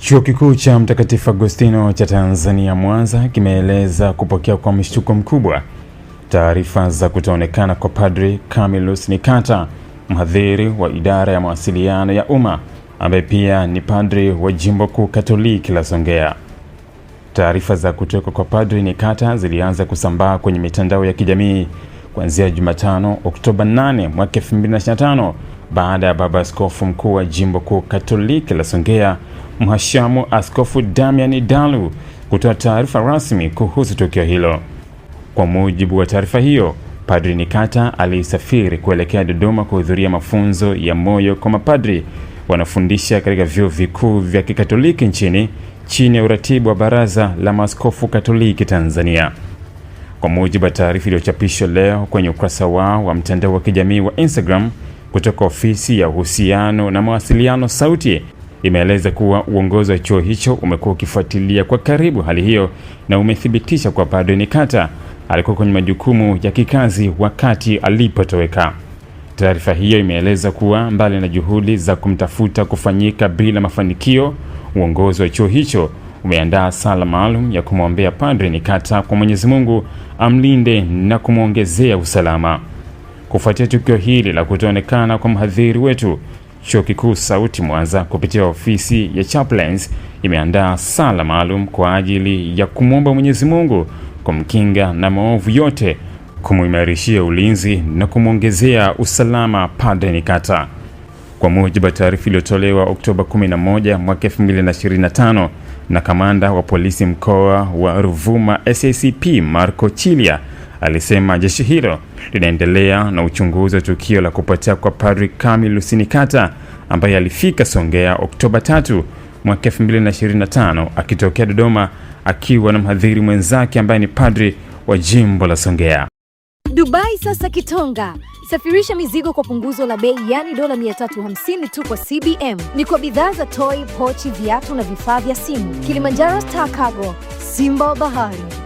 Chuo Kikuu cha Mtakatifu agostino cha Tanzania Mwanza kimeeleza kupokea kwa mshtuko mkubwa taarifa za kutoonekana kwa Padri Camillus Nikata, mhadhiri wa idara ya mawasiliano ya umma ambaye pia ni padri wa Jimbo Kuu Katoliki la Songea. Taarifa za kutoweka kwa Padri Nikata zilianza kusambaa kwenye mitandao ya kijamii kuanzia Jumatano, Oktoba 8 mwaka 2025 baada ya Baba Askofu Mkuu wa Jimbo Kuu Katoliki la Songea mhashamu Askofu Damian Dalu kutoa taarifa rasmi kuhusu tukio hilo. Kwa mujibu wa taarifa hiyo, Padri Nikata alisafiri kuelekea Dodoma kuhudhuria mafunzo ya moyo kwa mapadri wanafundisha katika vyuo vikuu vya Kikatoliki nchini chini ya uratibu wa Baraza la Maaskofu Katoliki Tanzania. Kwa mujibu wa taarifa iliyochapishwa leo kwenye ukurasa wao wa mtandao wa kijamii wa Instagram kutoka ofisi ya uhusiano na mawasiliano Sauti imeeleza kuwa uongozi wa chuo hicho umekuwa ukifuatilia kwa karibu hali hiyo na umethibitisha kuwa Padre Nikata alikuwa kwenye majukumu ya kikazi wakati alipotoweka. Taarifa hiyo imeeleza kuwa mbali na juhudi za kumtafuta kufanyika bila mafanikio, uongozi wa chuo hicho umeandaa sala maalum ya kumwombea Padre Nikata kwa Mwenyezi Mungu amlinde na kumwongezea usalama. Kufuatia tukio hili la kutoonekana kwa mhadhiri wetu, Chuo Kikuu Sauti Mwanza kupitia ofisi ya chaplains imeandaa sala maalum kwa ajili ya kumwomba Mwenyezi Mungu kumkinga na maovu yote, kumuimarishia ulinzi na kumwongezea usalama Padre Nikata. Kwa mujibu wa taarifa iliyotolewa Oktoba 11 mwaka 2025 na kamanda wa polisi mkoa wa Ruvuma SACP Marco Chilia alisema jeshi hilo linaendelea na uchunguzi wa tukio la kupotea kwa Padri Kamil Lusinikata ambaye alifika Songea Oktoba 3 mwaka 2025 akitokea Dodoma akiwa na mhadhiri mwenzake ambaye ni padri wa jimbo la Songea. Dubai sasa Kitonga. Safirisha mizigo kwa punguzo la bei, yani dola 350 tu kwa CBM. Ni kwa bidhaa za toy, pochi, viatu na vifaa vya simu. Kilimanjaro Star Cargo, Simba wa Bahari.